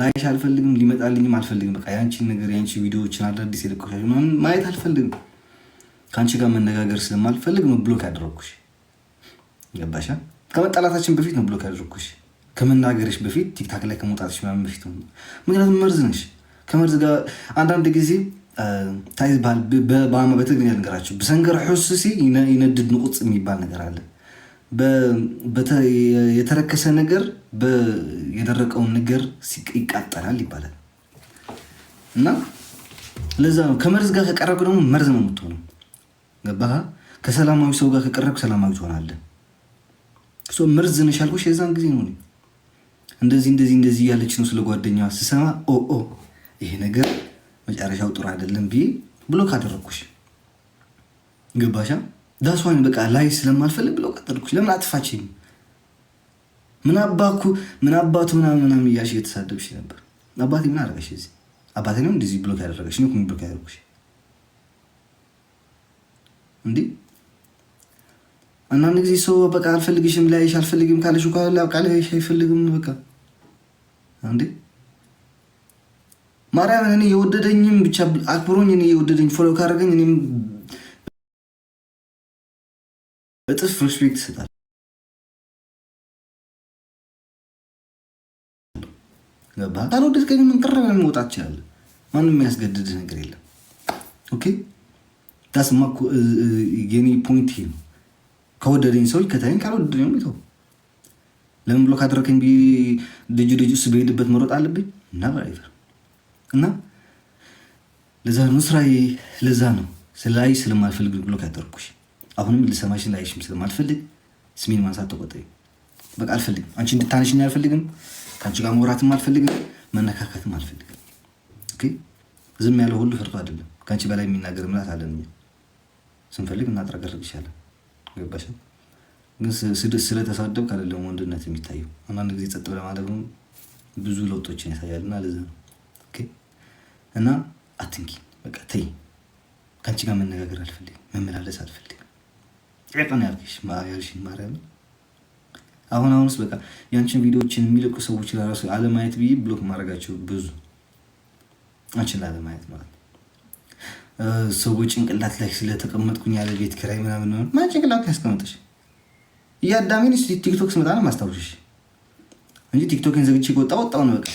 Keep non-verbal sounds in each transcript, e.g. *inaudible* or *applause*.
ላይሽ አልፈልግም፣ ሊመጣልኝም አልፈልግም። በቃ የአንቺን ነገር የአንቺ ቪዲዮዎችን አዳዲስ የለቀሻ ማየት አልፈልግም። ከአንቺ ጋር መነጋገር ስለማልፈልግ ነው ብሎክ ያደረኩሽ። ገባሻ? ከመጣላታችን በፊት ነው ብሎክ ያደረኩሽ። ከመናገርሽ በፊት ቲክታክ ላይ ከመውጣትሽ ምናምን በፊት ነው። ምክንያቱም መርዝ ነሽ። ከመርዝ ጋር አንዳንድ ጊዜ ታይ በአማ በትግርኛ ነገራቸው ብሰንገር ሑስሲ ይነድድ ንቁጽ የሚባል ነገር አለን የተረከሰ ነገር የደረቀውን ነገር ይቃጠላል ይባላል እና ለዛ ነው ከመርዝ ጋር ከቀረብክ ደግሞ መርዝ ነው የምትሆነው። ገባህ? ከሰላማዊ ሰው ጋር ከቀረብክ ሰላማዊ ትሆናለህ። መርዝ ነሽ ያልኩሽ የዛን ጊዜ ነው። እንደዚህ እንደዚህ እንደዚህ ያለች ነው ስለ ጓደኛ ስሰማ፣ ኦኦ ይሄ ነገር መጨረሻው ጥሩ አይደለም ብዬ ብሎ ካደረግኩሽ ገባሻ ዳስዋይን በቃ ላይ ስለማልፈልግ ብለው ቀጠልኩሽ። ለምን አጥፋችኝ? ምን አባኩ ምን አባቱ ምናምን ምናምን እያልሽ እየተሳደብሽ ነበር። አባቴ ምን አደረገሽ? እዚህ አባቴ ነው እንደዚህ ብሎክ ያደረገሽ ነው ብሎክ ያደረግሽ እንዲህ አንዳንድ ጊዜ ሰው በቃ አልፈልግሽም ላይሽ አልፈልግም ካለሽ እኮ ቃልሽ አይፈልግም። በቃ እንዴ ማርያምን እኔ የወደደኝም ብቻ አክብሮኝ እኔ የወደደኝ ፎሎ ካደረገኝ እኔም እጥፍ ሪስፔክት ይሰጣል። ገባህ? ካልወደድከኝ ምንቅር ብለን መውጣት ትችላለህ። ማንም የሚያስገድድ ነገር የለም። ኦኬ ዳስማ የኔ ፖይንት ይሄ ነው። ከወደደኝ ሰዎች ከታይን፣ ካልወደደኝ ይተው። ለምን ብሎ ካደረከኝ ቢ ልጁ ልጁ እሱ በሄድበት መሮጥ አለብኝ እና በራይቨር እና ለዛ ነው ስራዬ። ለዛ ነው ስላይ ስለማልፈልግ ብሎ ካደረኩሽ አሁንም ልሰማሽን ላይሽም ስለማልፈልግ ስሜን ማንሳት ተቆጠ። በቃ አልፈልግም። አንቺ እንድታነሽኝ አልፈልግም። ከአንቺ ጋር መውራትም አልፈልግም። መነካከትም አልፈልግም። ዝም ያለው ሁሉ ፈርቶ አይደለም። ከአንቺ በላይ የሚናገር ምላት አለን። ስንፈልግ እናጥረገርግሻለን። ገባሽ? ግን ስለተሳደብክ አይደለም ወንድነት የሚታየው። አንዳንድ ጊዜ ጸጥ ብለህ ብዙ ለውጦችን ያሳያልና ለዚ ነው እና አትንኪ። በቃ ተይ። ከአንቺ ጋር መነጋገር አልፈልግም። መመላለስ አልፈልግም። ጭቅን ያልሽን ማርያም አሁን አሁንስ በቃ ያንቺን ቪዲዮዎችን የሚልቁ ሰዎች ለራሱ አለማየት ብዬ ብሎክ ማድረጋቸው ብዙ አንቺን ላለማየት ማለት ሰዎች ጭንቅላት ላይ ስለተቀመጥኩኝ ያለ ቤት ክራይ ምናምን ነው። ማን ጭንቅላት ላይ ያስቀመጠሽ? እያዳሜን ስ ቲክቶክ ስመጣ ነው ማስታወሻሽ እንጂ ቲክቶክን ዘግቼ ወጣ ነው በቃ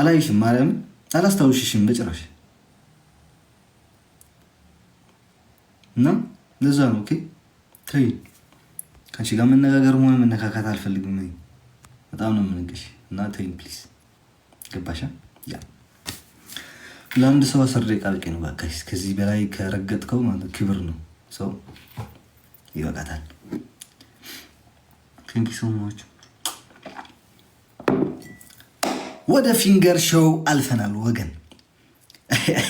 አላይሽም፣ ማርያምን አላስታውሽሽም በጭራሽ። እና ለዛ ነው ኦኬ። ተይ ከአንቺ ጋር መነጋገር ሆነ መነካካት አልፈልግም። እኔ በጣም ነው የምንግሽ እና ተይኝ ፕሊዝ። ገባሻ? ያ ለአንድ ሰው አስር ደቂቃ በቂ ነው። በቃ ከዚህ በላይ ከረገጥከው ማለት ክብር ነው ሰው ይበቃታል። ቴንኪ ሰሞች ወደ ፊንገር ሾው አልፈናል ወገን *laughs*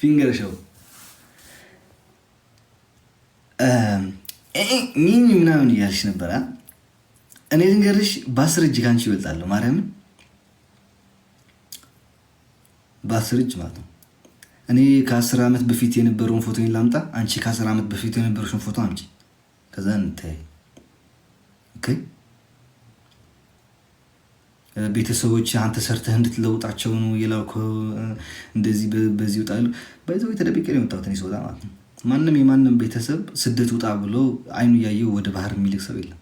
ፊንገር ሾው ይህኝ ምናምን እያልሽ ነበረ። እኔ ልንገርሽ በአስር እጅ ከአንቺ ይበልጣለሁ። ማርያምን በአስር እጅ ማለት ነው። እኔ ከአስር ዓመት በፊት የነበረውን ፎቶ ላምጣ፣ አንቺ ከአስር ዓመት በፊት የነበረሽን ፎቶ አምጪ፣ ከዛ እንተያይ። ኦኬ ቤተሰቦች አንተ ሰርተህ እንድትለውጣቸው ነው የላውከው። እንደዚህ በዚህ ይወጣሉ። በዚ የተደበቀ ነው የወጣሁት እኔ ስወጣ ማለት ነው። ማንም የማንም ቤተሰብ ስደት ውጣ ብሎ አይኑ እያየው ወደ ባህር የሚልቅ ሰው የለም።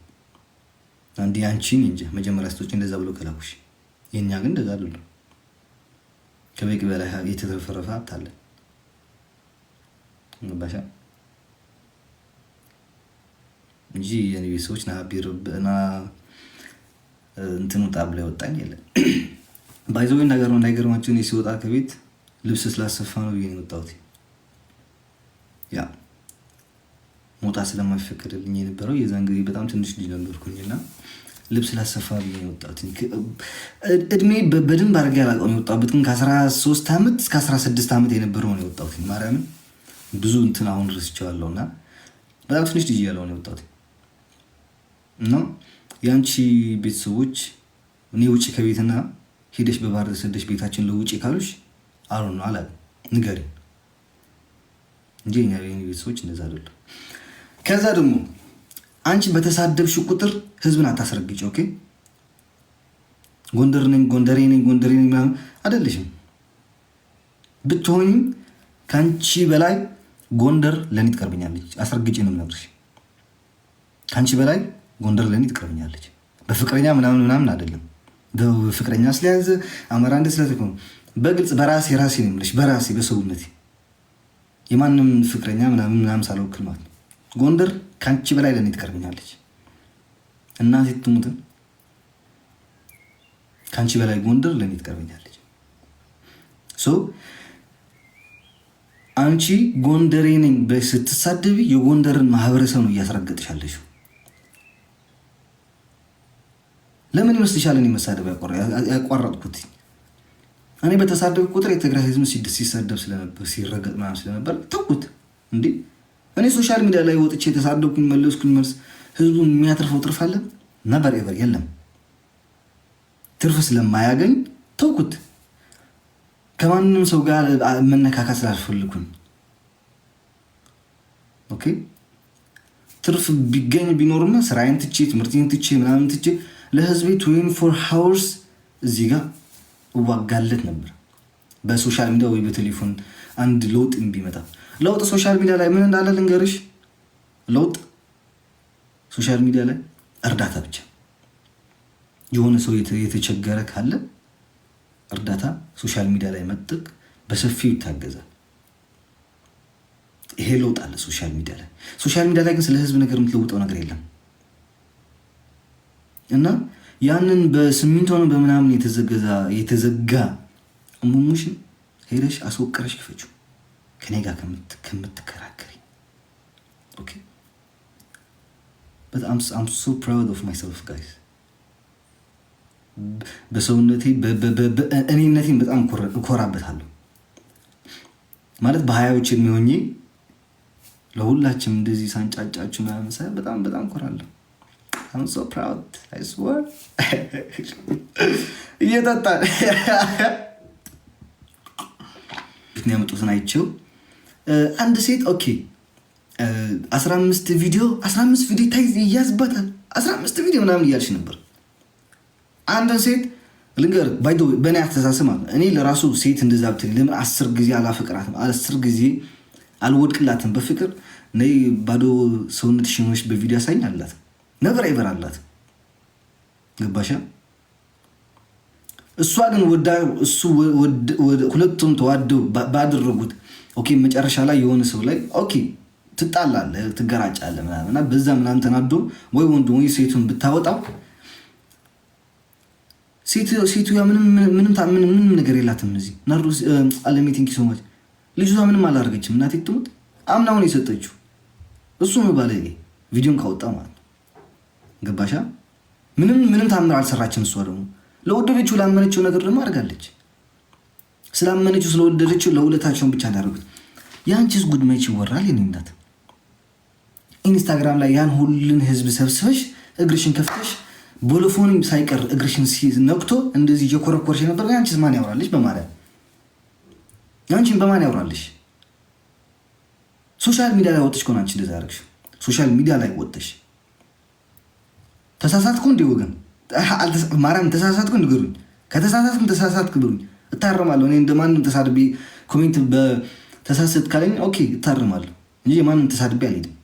አንድ ያንቺን እንጂ መጀመሪያ ስቶች እንደዛ ብሎ ከላኩሽ። የኛ ግን እንደዛ አሉ። ከበቂ በላይ የተትረፈረፈ ሀብት አለን። ባሻ እንጂ የኔ ቤተሰቦች ናቢርና እንትን ውጣ ብሎ ያወጣኝ የለም። ነገር ነው እንዳይገርማቸው ሲወጣ ከቤት ልብስ ስላሰፋ ነው ብዬ ነው የወጣሁት። ያ መውጣት ስለማይፈቀድልኝ የነበረው የዛን ጊዜ በጣም ትንሽ ልጅ ነበርኩኝ እና ልብስ ላሰፋ ብዬ የወጣሁት እድሜ በደንብ አድርጌ አላውቀውም። የወጣሁበት ግን ከ13 ዓመት እስከ 16 ዓመት የነበረውን የወጣሁት ማርያምን ብዙ እንትን አሁን ረስቼዋለሁ እና በጣም ትንሽ ልጅ ያለውን የወጣት እና የአንቺ ቤተሰቦች እኔ ውጭ ከቤትና ሄደሽ በባህር ደስ ቤታችን ለውጭ ካሉሽ አሉ ነው አላ ንገሪን እንጂ የእኛ ቤተሰቦች እንደዛ አይደለም። ከዛ ደግሞ አንቺ በተሳደብሽ ቁጥር ህዝብን አታስረግጭ። ኦኬ ጎንደር ነኝ ጎንደሬ ነኝ ጎንደሬ ነኝ ምናምን አይደለሽም። ብትሆኝም ከአንቺ በላይ ጎንደር ለእኔ ትቀርበኛለች። አስረግጬ ነው የምነግርሽ። ከአንቺ በላይ ጎንደር ለእኔ ትቀርበኛለች። በፍቅረኛ ምናምን ምናምን አይደለም። በፍቅረኛ ስለያዘ አማራ እንደ ስለተኮ በግልጽ በራሴ ራሴ ነው የምልሽ በራሴ በሰውነቴ የማንም ፍቅረኛ ምናምን ምናምን ሳልወክል ማለት ነው። ጎንደር ከአንቺ በላይ ለእኔ ትቀርብኛለች እና ሲትሙትን ከአንቺ በላይ ጎንደር ለእኔ ትቀርብኛለች። አንቺ ጎንደሬ ነኝ ስትሳደቢ የጎንደርን ማህበረሰብ ነው እያስረገጥሻለሽ። ለምን ይመስልሻል እኔ መሳደብ ያቋረጥኩት? እኔ በተሳደግ ቁጥር የትግራይ ህዝብ ሲሰደብ ስለነበር ሲረገጥ ምናምን ስለነበር ተውት እንዴ። እኔ ሶሻል ሚዲያ ላይ ወጥቼ የተሳደብኩኝ መለስኩኝ መልስ ህዝቡ የሚያትርፈው ትርፍ አለን ነበር ኤቨር የለም። ትርፍ ስለማያገኝ ተውኩት። ከማንም ሰው ጋር መነካካት ስላልፈልኩኝ ኦኬ። ትርፍ ቢገኝ ቢኖርና ስራዬን ትቼ ትምህርቴን ትቼ ምናምን ትቼ ለህዝቤ ትዌንቲ ፎር ሃውርስ እዚህ ጋር እዋጋለት ነበር። በሶሻል ሚዲያ ወይ በቴሌፎን አንድ ለውጥ ቢመጣ ለውጥ ሶሻል ሚዲያ ላይ ምን እንዳለ ልንገርሽ። ለውጥ ሶሻል ሚዲያ ላይ እርዳታ ብቻ የሆነ ሰው የተቸገረ ካለ እርዳታ ሶሻል ሚዲያ ላይ መጠቅ በሰፊው ይታገዛል። ይሄ ለውጥ አለ ሶሻል ሚዲያ ላይ። ሶሻል ሚዲያ ላይ ግን ስለ ህዝብ ነገር የምትለውጠው ነገር የለም እና ያንን በስሚንቶ ነው በምናምን የተዘገዛ የተዘጋ እሙሙሽን ሄደሽ አስወቀረሽ ክፈችው። ከኔ ጋር ከምትከራከሪ በጣም ሶ ኦፍ ማይሰልፍ በሰውነቴ እኔነቴን በጣም እኮራበታለሁ። ማለት በሀያዎች የሚሆኜ ለሁላችንም እንደዚህ ሳንጫጫችሁ ምናምን ሳይ በጣም በጣም እኮራለሁ። አምሶ ፕራውድ አይስወር እየጠጣል ያመጡትን አይቼው አንድ ሴት ኦኬ፣ አስራ አምስት ቪዲዮ አስራ አምስት ቪዲዮ ታይዝ ይያዝበታል አስራ አምስት ቪዲዮ ምናምን እያልሽ ነበር። አንድን ሴት ልንገር ባይ በእኔ አስተሳሰብ እኔ ለራሱ ሴት እንደዛ ብትል ለምን አስር ጊዜ አላፈቅራትም? አስር ጊዜ አልወድቅላትም? በፍቅር ነይ ባዶ ሰውነት ሽኖች በቪዲዮ ያሳኝ አላት ነበር አይበር አላት። ገባሻ? እሷ ግን እሱ ሁለቱም ተዋደው ባደረጉት ኦኬ፣ መጨረሻ ላይ የሆነ ሰው ላይ ኦኬ፣ ትጣላለህ፣ ትገራጫለህ ምናምን በዛ ምናምን ተናዶ ወይ ወንዱ ወይ ሴቱን ብታወጣው ሴቱ ምንም ነገር የላትም። እዚህ ናርዶስ አለሜ ቲንኪ ልጅቷ ምንም አላደርገችም። እናቴ ትሙት አምናውን የሰጠችው እሱ ነው ባለ ቪዲዮን ካወጣ ማለት ገባሻ? ምንም ምንም ታምር አልሰራችም። እሷ ደግሞ ለወደደችው ላመነችው ነገር ደግሞ አድርጋለች። ስላመነችው ስለወደደችው ለውለታቸውን ብቻ እንዳደረጉት የአንቺስ ጉድ መች ይወራል? የኔ እናት ኢንስታግራም ላይ ያን ሁሉን ህዝብ ሰብስበሽ እግርሽን ከፍተሽ ቦሎፎንም ሳይቀር እግርሽን ነቅቶ እንደዚህ እየኮረኮርሽ ነበር። አንቺስ ማን ያወራልሽ? በማለት ያንቺን በማን ያወራልሽ? ሶሻል ሚዲያ ላይ ወጥሽ ከሆነ አንቺ እንደዛ አደረግሽ። ሶሻል ሚዲያ ላይ ወጥሽ ተሳሳትኩ እንዲ ወገን ማርያም ተሳሳትኩ ንገሩኝ። ከተሳሳትኩም ተሳሳትክ ብሉኝ፣ እታረማለሁ። እኔ እንደ ማንም ተሳድቤ ኮሜንት በተሳሰት ካለኝ ኦኬ እታረማለሁ እንጂ የማንም ተሳድቤ አልሄድም።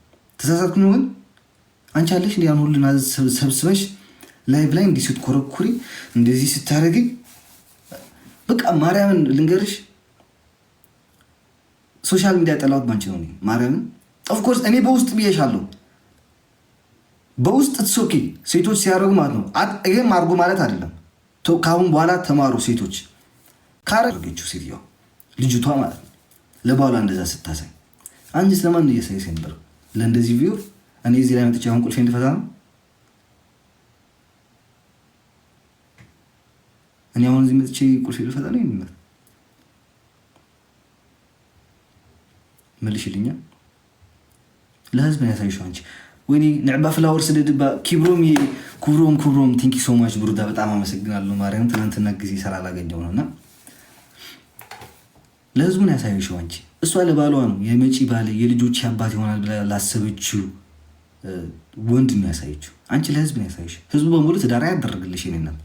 ተሳሳትኩ ወገን አንቺ አለሽ እንዲ ያን ሁሉን ሰብስበሽ ላይቭ ላይ እንዲህ ስትኮረኩሪ እንደዚህ ስታደርግኝ በቃ ማርያምን ልንገርሽ ሶሻል ሚዲያ ጠላሁት ባንቺ ነው። ማርያምን ኦፍኮርስ እኔ በውስጥ ብዬሻለሁ በውስጥ ትሶኪ ሴቶች ሲያደርጉ ማለት ነው። ይህም አድርጉ ማለት አይደለም። ከአሁን በኋላ ተማሩ ሴቶች። ካረገችው ሴትዮዋ ልጅቷ ማለት ነው ለባሏ እንደዛ ስታሳይ አንቺስ ለማን እየሳይስ ነበር? ለእንደዚህ ቪው እኔ እዚህ ላይ መጥቼ አሁን ቁልፌ እንድፈታ ነው። እኔ አሁን እዚህ መጥቼ ቁልፌ ልፈታ ነው። ይመር መልሽልኛ። ለህዝብ ያሳይሽው አንቺ ወይኔ ንዕባ ፍላወር ስደድባ ኪብሮም ክብሮም ክብሮም ቲንኪ ሶማች ብሩዳ በጣም አመሰግናለሁ። ማርያም ትናንትና ጊዜ ስላላገኘው ነው እና ለህዝቡን ያሳየሽው አንቺ እሷ ለባሏ ነው የመጪ ባል የልጆች አባት ይሆናል ብላ ላሰበችው ወንድ ነው ያሳየችው። አንቺ ለህዝብ ነው ያሳየሽ። ህዝቡ በሙሉ ትዳር ያደረግልሽ ይኔናል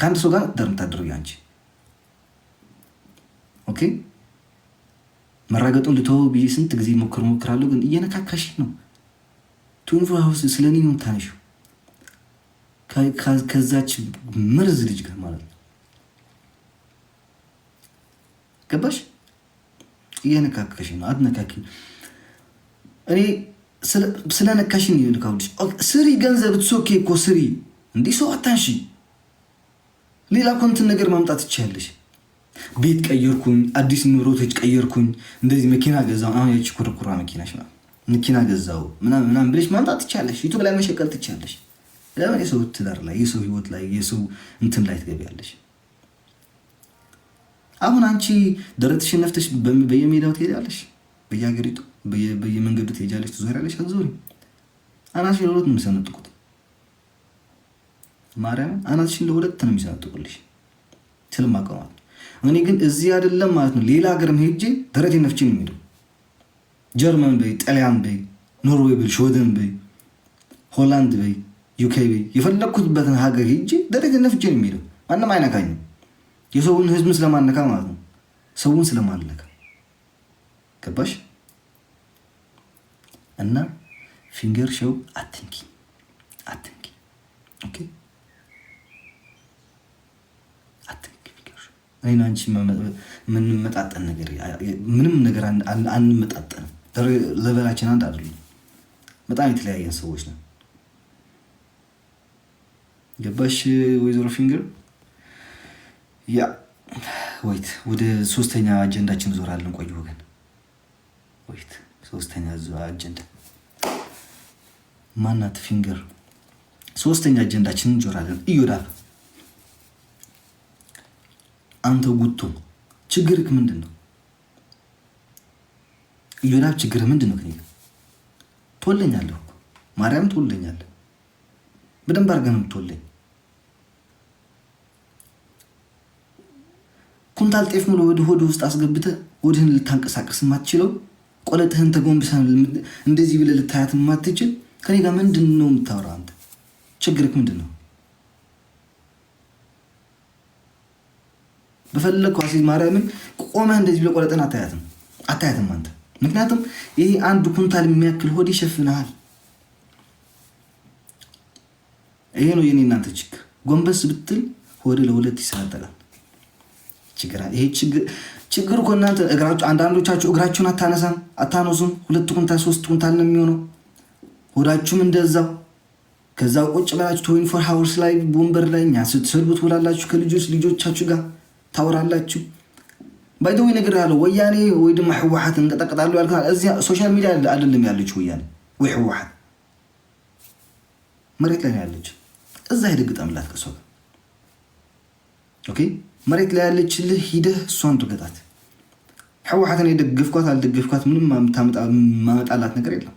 ከአንድ ሰው ጋር ትዳር የምታደርጊ አንቺ ኦኬ። መራገጡን ልተወው ብዬ ስንት ጊዜ ሞክር ሞክራለሁ፣ ግን እየነካካሽ ነው ቱንፎ ሀውስ ስለ እኔ ነው የምታነሺው ከዛች መርዝ ልጅ ጋር ማለት ነው። ገባሽ? እየነካከሽ ነው። አትነካኪ። እኔ ስለነካሽን ልካልሽ ስሪ ገንዘብ ትሶኬ እኮ ስሪ። እንዲህ ሰው አታንሺ። ሌላ ኮንትን ነገር ማምጣት ትችያለሽ። ቤት ቀየርኩኝ፣ አዲስ ኑሮቶች ቀየርኩኝ፣ እንደዚህ መኪና ገዛ። አሁን ያቺ ኩርኩራ መኪናሽ ነው መኪና ገዛው ምናምን ብለሽ ማምጣት ትቻለሽ። ዩቱብ ላይ መሸቀል ትቻለሽ። ለምን የሰው ትዳር ላይ የሰው ህይወት ላይ የሰው እንትን ላይ ትገቢያለሽ? አሁን አንቺ ደረትሽ ነፍተሽ በየሜዳው ትሄዳለሽ፣ በየሀገሪቱ በየመንገዱ ትሄጃለሽ፣ ትዞሪያለሽ። አዞሪ አናትሽን ለሁለት ነው የሚሰነጥቁት። ማርያምን አናትሽን ለሁለት ነው የሚሰነጥቁልሽ። ስለማቀማት እኔ ግን እዚህ አይደለም ማለት ነው ሌላ ሀገርም ሄጄ ደረቴን ነፍቼ ነው የሚሄደው ጀርመን በይ፣ ጣሊያን በይ፣ ኖርዌይ በይ፣ ሽወደን በይ፣ ሆላንድ በይ፣ ዩኬ በይ የፈለግኩትበትን ሀገር ሄጄ ደረጃ ነፍቼ ነው የሚሄደው። ማንም አይነካኝም። የሰውን ህዝብን ስለማነካ ማለት ነው። ሰውን ስለማነካ ገባሽ? እና ፊንገር ሸው አትንኪ አትንኪ ኦኬ እኔን አንቺ የምንመጣጠን ነገር ምንም ነገር አንመጣጠንም። ለቨላችን አንድ አይደሉም። በጣም የተለያየን ሰዎች ነው። ገባሽ ወይዘሮ ፊንገር? ያ ወይት ወደ ሶስተኛ አጀንዳችን ዞራለን። ቆይ ወገን ወይት ሶስተኛ አጀንዳ ማናት? ፊንገር ሶስተኛ አጀንዳችን እንዞራለን። እዮዳብ አንተ ጉቶ ችግርክ ምንድን ነው? ኢዮዳብ ችግር ምንድን ነው? ከኔ ትወለኛለህ እኮ ማርያም ትወለኛለህ፣ በደንብ አድርገህ ነው የምትወለኝ። ኩንታል ጤፍ ሙሉ ወደ ሆድ ውስጥ አስገብተህ ሆድህን ልታንቀሳቀስ ማትችለው ቆለጥህን ተጎንብሰን እንደዚህ ብለህ ልታያት ማትችል ከኔ ጋር ምንድን ነው የምታወራው? አንተ ችግርህ ምንድን ነው? በፈለግ ኳሴ ማርያምን ቆመህ እንደዚህ ብለህ ቆለጥህን አታያትም አታያትም አንተ ምክንያቱም ይሄ አንድ ኩንታል የሚያክል ሆድ ይሸፍንሃል። ይሄ ነው የኔ እናንተ ችግር። ጎንበስ ብትል ሆድ ለሁለት ይሰነጠቃል። ይሄ ችግር እኮ እናንተ አንዳንዶቻችሁ እግራችሁን አታነሳም አታነሱም። ሁለት ኩንታል ሶስት ኩንታል ነው የሚሆነው። ሆዳችሁም እንደዛው ከዛ ቁጭ ብላችሁ ቶይን ፎር ሀውርስ ላይ ወንበር ላይ ስትሰድቡ ትውላላችሁ። ከልጆች ልጆቻችሁ ጋር ታወራላችሁ። ባይደው ነገር ያለው ወያኔ ወይ ድማ ህወሓት እንቀጠቀጣሉ ያልካ እዚያ ሶሻል ሚዲያ አይደለም ያለች ወያኔ ወይ ህወሓት መሬት ላይ ያለች እዛ ሄደህ ግጠምላት ከሷ ኦኬ መሬት ላይ ያለች ልህ ሂደህ እሷን ትገጣት። ህወሓትን ደግፍኳት አልደገፍኳት ምንም ማመጣላት ነገር የለም።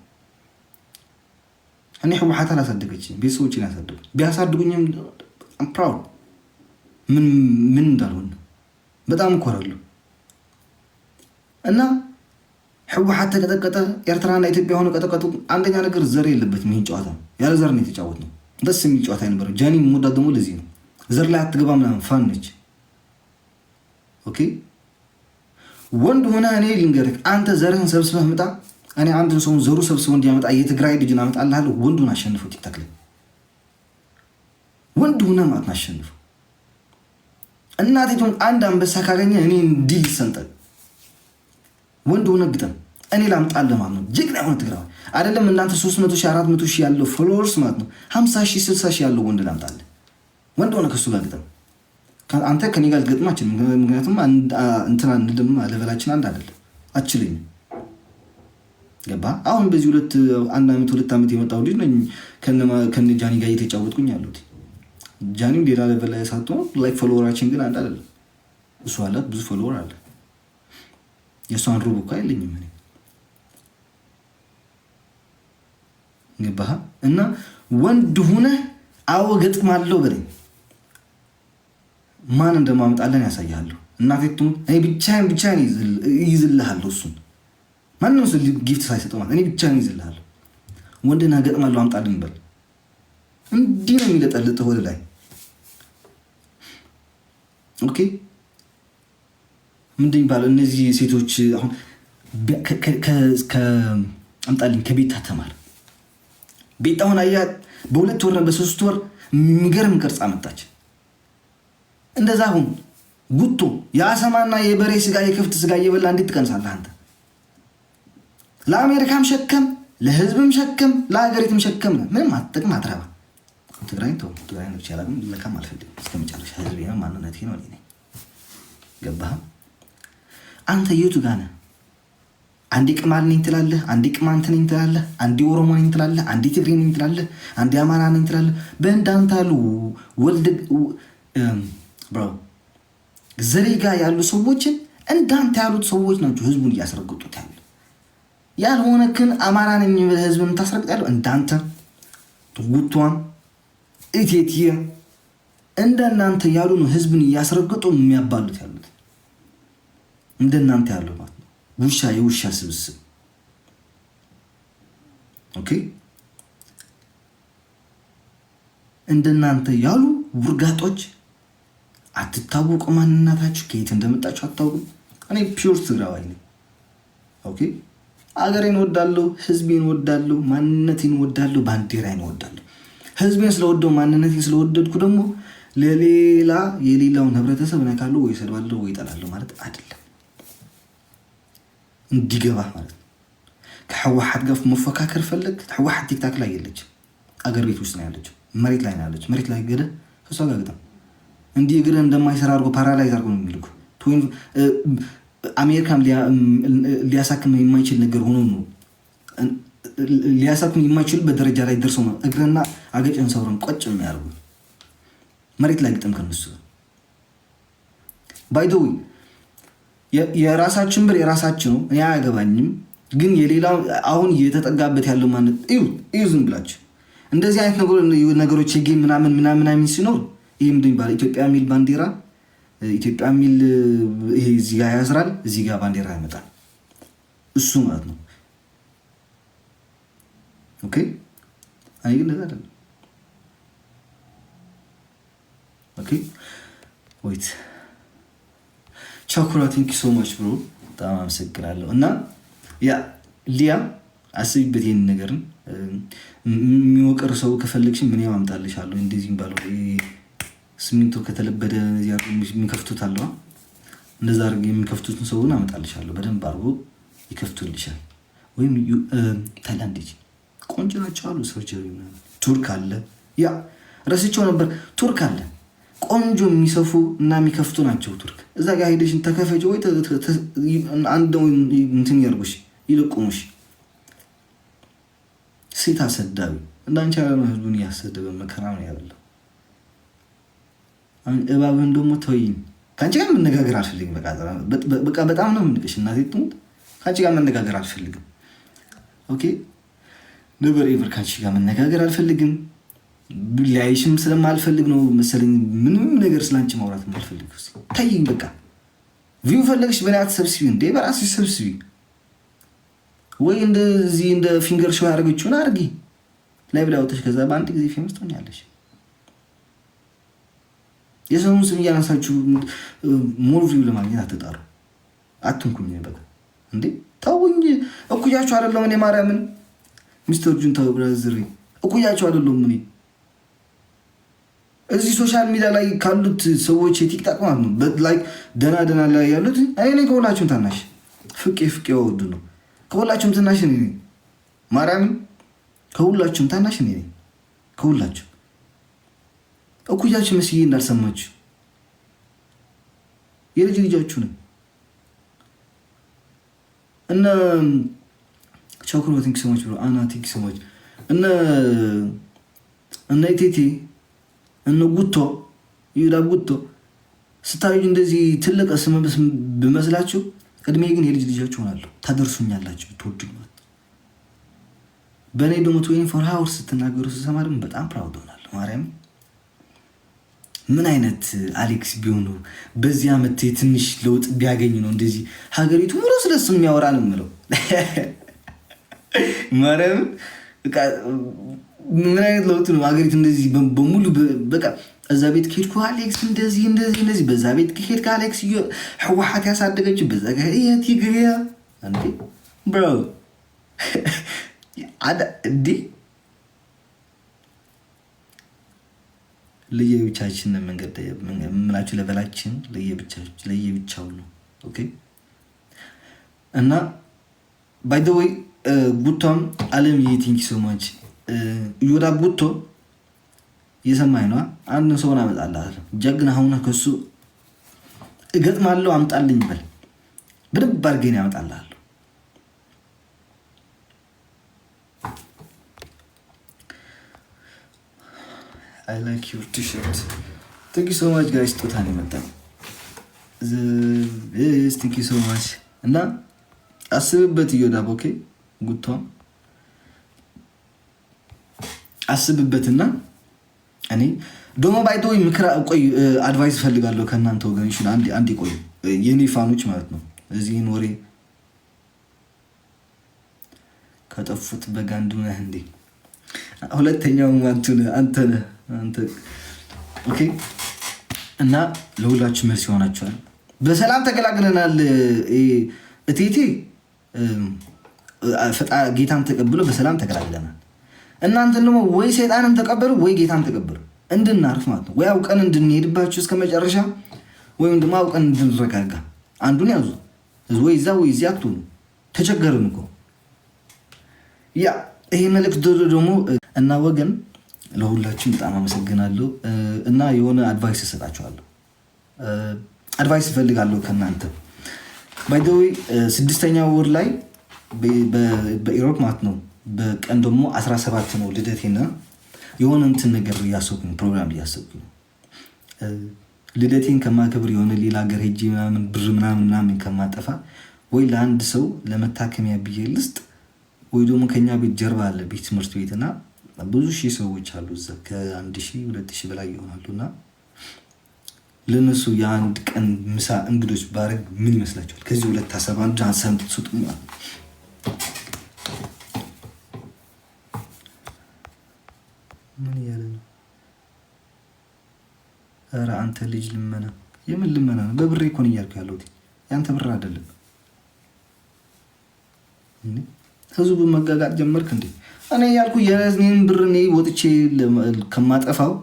እኔ ህወሓት አላሳደገች ቤተሰቦችን ያሳደጉ ቢያሳድጉኝም ፕራውድ ምን እንዳልሆነ በጣም እኮራለሁ። እና ህወሓት ተቀጠቀጠ፣ ኤርትራና ኢትዮጵያ ሆነ ቀጠቀጡ። አንደኛ ነገር ዘር የለበትም። ይህን ጨዋታ ያለ ዘር ነው የተጫወት ነው። ደስ የሚል ጨዋታ አይነበረ። ጃኒ የምወዳት ደግሞ ለዚህ ነው። ዘር ላይ አትገባ ምናምን ፋን ነች። ኦኬ ወንድ ሆነ እኔ ልንገርህ፣ አንተ ዘርህን ሰብስበህ ምጣ። እኔ አንድን ሰውን ዘሩ ሰብስበ እንዲያመጣ የትግራይ ልጅን አመጣልሃለሁ። ወንዱን አሸንፈው ቲክታክ ላይ ወንድ ሆነ ማለት አሸንፈው። እናቴቱን አንድ አንበሳ ካገኘ እኔ እንዲህ ይሰንጠል ወንድ ሆነ ግጠም እኔ ላምጣለ ማለት ነው። ጀግና የሆነ ትግራዋይ አይደለም እናንተ 300 ሺህ 400 ሺህ ያለው ፎሎወርስ ማለት ነው። 50 ሺህ 60 ሺህ ያለው ወንድ ላምጣልህ። ወንድ ሆነ ከሱ ጋር ግጠም። አንተ ከኔ ጋር አችልም። ምክንያቱም እንትና አንድም ለበላችን አንድ አይደለም። አችልኝ ገባ። አሁን በዚህ ሁለት አንድ ዓመት ሁለት ዓመት የመጣው ልጅ ነኝ። ከነ ጃኒ ጋር እየተጫወትኩኝ ያሉት ጃኒም ሌላ ለበላ ሳትሆን ላይክ ፎሎወራችን ግን አንድ አይደለም። እሱ አላት ብዙ ፎሎወር አለ የእሷን ሩብ እኮ አይለኝም እኔ ገባህ? እና ወንድ ሁነህ አዎ ገጥማለሁ በለኝ። ማን እንደማመጣለን ያሳያለሁ። እናቴ እኔ ብቻዬን ብቻዬን ይዝልሃለሁ። እሱን ማንም ሰው ጊፍት ሳይሰጠው ማለት እኔ ብቻዬን ይዝልሃለሁ። ወንድና ገጥማለሁ አምጣልን በል። እንዲህ ነው የሚለጠልጥህ ወደ ላይ ኦኬ ምንድን ይባላል? እነዚህ ሴቶች አሁን አምጣልኝ ከቤት ታተማል። ቤት አሁን አያ በሁለት ወር በሶስት ወር የሚገርም ቅርጽ አመጣች። እንደዛ አሁን ጉቶ የአሰማና የበሬ ስጋ የክፍት ስጋ እየበላ እንዴት ትቀንሳለህ አንተ? ለአሜሪካም ሸከም፣ ለህዝብም ሸከም፣ ለሀገሪትም ሸከም ነው። ምንም አትጠቅም፣ አትረባ። ትግራይ ተው፣ ትግራይ ነው ይቻላል። ለካም አልፈልግም። እስከመጨረሻ ህዝብ ማንነት ነው። ገባህ? አንተ የቱ ጋር ነህ? አንዴ ቅማል ነኝ ትላለህ፣ አንዴ ቅማንት ነኝ ትላለህ፣ አንዴ ኦሮሞ ነኝ ትላለህ፣ አንዴ ትግሬ ነኝ ትላለህ፣ አንዴ አማራ ነኝ ትላለህ። በእንዳንተ ያሉ ወልድ ዘሬ ጋር ያሉ ሰዎችን እንዳንተ ያሉት ሰዎች ናቸው ህዝቡን እያስረግጡት ያለ ያልሆነክን አማራ ነኝ ብለህ ህዝብ የምታስረግጥ ያለው እንዳንተ ትጉቷን እቴትየ እንደናንተ ያሉ ነው ህዝብን እያስረግጡ የሚያባሉት ያሉት እንደናንተ ያለው ማለት ነው። ውሻ የውሻ ስብስብ ኦኬ። እንደናንተ ያሉ ውርጋጦች አትታወቁ። ማንነታችሁ ከየት እንደመጣችሁ አታውቁም። እኔ ፒዮር ትግራዋይ ነኝ። ኦኬ አገሬን ወዳለሁ፣ ህዝቤን ወዳለሁ፣ ማንነቴን ወዳለሁ፣ ባንዲራዬን ወዳለሁ። ህዝቤን ስለወደው ማንነቴን ስለወደድኩ ደግሞ ለሌላ የሌላውን ህብረተሰብ ነካለሁ ወይ ሰድባለሁ ወይ እጠላለሁ ማለት አይደለም። እንዲገባ ማለት ነው። ከህወሓት ጋር መፎካከር ፈለግ ህወሓት ቲክታክ ላይ የለች፣ አገር ቤት ውስጥ ነው ያለችው። መሬት ላይ ነው ያለችው። መሬት ላይ ገደ ከሷ ጋር ግጠም እንዲህ እግር እንደማይሰራ አድርጎ ፓራላይዝ አድርጎ ነው የሚልኩ አሜሪካም ሊያሳክም የማይችል ነገር ሆኖ ነው ሊያሳክም የማይችልበት ደረጃ ላይ ደርሰው ነው እግርና አገጭን ሰብረን ቆጭ የሚያደርጉ መሬት ላይ ግጥም ከነሱ ባይደዊ የራሳችን ብር የራሳችን ነው። እኔ አያገባኝም። ግን የሌላው አሁን እየተጠጋበት ያለው ማነት እዩ እዩ ዝም ብላችሁ እንደዚህ አይነት ነገሮች የጌም ምናምን ምናምን አይሚን ሲኖር ይህ ምንድን ይባላል? ኢትዮጵያ የሚል ባንዲራ ኢትዮጵያ የሚል ይሄ እዚህ ጋር ያስራል፣ እዚህ ጋር ባንዲራ ያመጣል። እሱ ማለት ነው። ኦኬ እኔ ግን እንደዛ አይደለም። ኦኬ ወይት ቻኩራ ቲንክ ሶ ማች ብሮ በጣም አመሰግናለሁ። እና ያ ሊያ አስቢበት ይህን ነገርን የሚወቅር ሰው ከፈለግሽ ምን ማምጣልሽ አለ እንደዚህ ባለው ስሚንቶ ከተለበደ የሚከፍቱት አለዋ እንደዛ አድርገህ የሚከፍቱትን ሰውን አመጣልሻለሁ። በደንብ አድርጎ ይከፍቱልሻል። ወይም ታይላንድ ቆንጆ ናቸው አሉ ሰዎች። ቱርክ አለ ያ ረስቸው ነበር ቱርክ አለ ቆንጆ የሚሰፉ እና የሚከፍቱ ናቸው። ቱርክ እዛ ጋር ሄደሽን ተከፈጭ ወይ አንድ እንትን ያርጉሽ ይልቁሙሽ። ሴት አሰዳቢ እንዳንቺ ያለ ህዝቡን እያሰደበ መከራ ነው ያለው። እባብን ደግሞ ተወይኝ። ከአንቺ ጋር መነጋገር አልፈልግም። በቃ በጣም ነው የምንቅሽ። እናቴ ትሙት ከአንቺ ጋር መነጋገር አልፈልግም። ኦኬ ነበር ኤቨር ከአንቺ ጋር መነጋገር አልፈልግም። ላይሽም ስለማልፈልግ ነው መሰለኝ ምንም ነገር ስላንቺ ማውራት ማልፈልግ ታይኝ። በቃ ቪው ፈለግሽ በላይ አትሰብስቢ እንዴ፣ በራስሽ ሰብስቢ። ወይ እንደዚህ እንደ ፊንገር ሸው ያደረገችውን አርጊ ላይ ብላውተሽ፣ ከዛ በአንድ ጊዜ ፌመስ ትሆኛለሽ። የሰውን ስም እያነሳችሁ ሞር ቪው ለማግኘት አትጣሩ። አትንኩኝ። በቃ እንዴ ታውኝ እኩያችሁ አይደለም። እኔ ማርያምን ሚስተር ጁንታ ብራዘር እኩያችሁ አይደለም እኔ እዚህ ሶሻል ሚዲያ ላይ ካሉት ሰዎች የቲክታክ ማለት ነው ላይ ደና ደና ላይ ያሉት እኔ ነኝ። ከሁላችሁም ታናሽ ፍቄ ፍቄ ወዱ ነው። ከሁላችሁም ትናሽ እኔ ነኝ። ማርያምን ከሁላችሁም ታናሽ እኔ ነኝ። ከሁላችሁ እኩያችሁ መስዬ እንዳልሰማችሁ የልጅ ልጃችሁ ነው። እነ ቸኩሮ ቲንክ ሰሞች ብሎ አና ቲንክ ሰሞች እነ እነ ኢቴቴ እነ ጉቶ ይሁዳ ጉቶ ስታዩ እንደዚህ ትልቅ ስም ብመስላችሁ፣ ቅድሜ ግን የልጅ ልጃችሁ ሆናለሁ። ታደርሱኛላችሁ ብትወዱኝ ማለት በእኔ ደግሞ ትዌንቲ ፎር ሀውር ስትናገሩ ስሰማ ደግሞ በጣም ፕራውድ ሆናለሁ። ማርያም ምን አይነት አሌክስ ቢሆኑ በዚህ ዓመት ትንሽ ለውጥ ቢያገኝ ነው እንደዚህ ሀገሪቱ ሙሉ ስለሱ የሚያወራ ነው የምለው *laughs* ማርያም ምን አይነት ለውጥ ነው ሀገሪቱ? እንደዚህ በሙሉ በቃ እዛ ቤት ከሄድኩ አሌክስ እንደዚህ እንደዚህ እንደዚህ በዛ ቤት ከሄድ ከአሌክስ ህወሓት ያሳደገችው በዛ ትግሪያ እንዴ ብሮ *laughs* እንዴ ለየብቻችን መንገድ የምላችሁ ለበላችን ለየብቻው ነው። እና ባይ ዘ ወይ ጉቷም አለም የቲንክ ሶ ማች እዮዳ ጉቶ እየሰማኝ ነዋ። አንድ ሰውን አመጣልሃለሁ። ጀግና ሆነህ ከሱ እገጥማለሁ አምጣልኝ በል። በደንብ አድርጌ ነው ያመጣልሃለሁ። አይ ላይክ ዩር ቲሸርት ቴንክ ዩ ሶ ማች ጋይስ። ስጦታ ነው የመጣው። ቴንክ ዩ ሶ ማች እና አስብበት እዮዳብ። ኦኬ ጉቷም አስብበትና እኔ ደግሞ ባይቶ ቆይ አድቫይስ እፈልጋለሁ ከእናንተ ወገን አንድ አንድ ቆይ የኔ ፋኖች ማለት ነው እዚህን ወሬ ከጠፉት በጋንዱ ነህ እንዴ? ሁለተኛውም አንተነ አንተ ኦኬ። እና ለሁላችሁ መልስ ይሆናችኋል። በሰላም ተገላግለናል። እቴቴ ጌታን ተቀብሎ በሰላም ተገላግለናል። እናንተን ደግሞ ወይ ሰይጣንን ተቀበሉ ወይ ጌታን ተቀበሉ፣ እንድናርፍ ማለት ነው። ወይ አውቀን እንድንሄድባቸው እስከ መጨረሻ ወይም ደግሞ አውቀን እንድንረጋጋ አንዱን ያዙ። ወይ እዛ ወይ እዚያ አትሆኑ። ተቸገርን እኮ ያ ይሄ መልእክት ዶዶ ደግሞ እና ወገን ለሁላችን በጣም አመሰግናለሁ እና የሆነ አድቫይስ እሰጣችኋለሁ። አድቫይስ እፈልጋለሁ ከእናንተ ባይደዌ ስድስተኛ ወር ላይ በኢሮፕ ማለት ነው በቀን ደግሞ 17 ሰባት ነው ልደቴና የሆነ እንትን ነገር እያሰብኩኝ ፕሮግራም እያሰብኩኝ ልደቴን ከማከብር የሆነ ሌላ ሀገር ሄጄ ምናምን ብር ምናምን ምናምን ከማጠፋ ወይ ለአንድ ሰው ለመታከሚያ ብዬ ልስጥ ወይ ደግሞ ከኛ ቤት ጀርባ አለ ቤት ትምህርት ቤት ቤትና ብዙ ሺህ ሰዎች አሉ እዛ ከአንድ ሺህ ሁለት ሺህ በላይ ይሆናሉ እና ለእነሱ የአንድ ቀን ምሳ እንግዶች ባረግ ምን ይመስላቸዋል? ከዚህ ሁለት ሀሳብ አንድ ሰምት ምን እያለ ነው? ኧረ አንተ ልጅ ልመና፣ የምን ልመና ነው? በብሬ እኮ ነው እያልኩ ያለሁት ያንተ ብር አይደለም። ህዝቡ መጋጋጥ ጀመርክ እንዴ? እኔ ያልኩ የኔን ብር እኔ ወጥቼ ከማጠፋው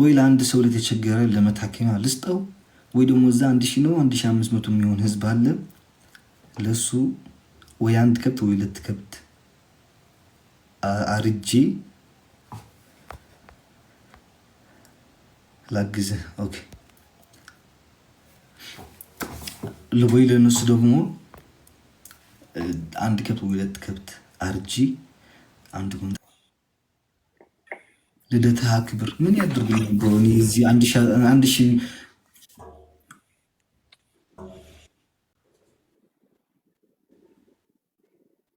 ወይ ለአንድ ሰው ለተቸገረ ለመታከሚያ ልስጠው፣ ወይ ደግሞ እዛ አንድ ሺ ነው አንድ ሺ አምስት መቶ የሚሆን ህዝብ አለ ለሱ ወይ አንድ ከብት ወይ ሁለት ከብት አርጄ ላግዝህ። ኦኬ ልቦይ ለእነሱ ደግሞ አንድ ከብት ሁለት ከብት አርጂ አንድ ጎን ልደትህ አክብር። ምን ያድርጉ? አንድ ሺህ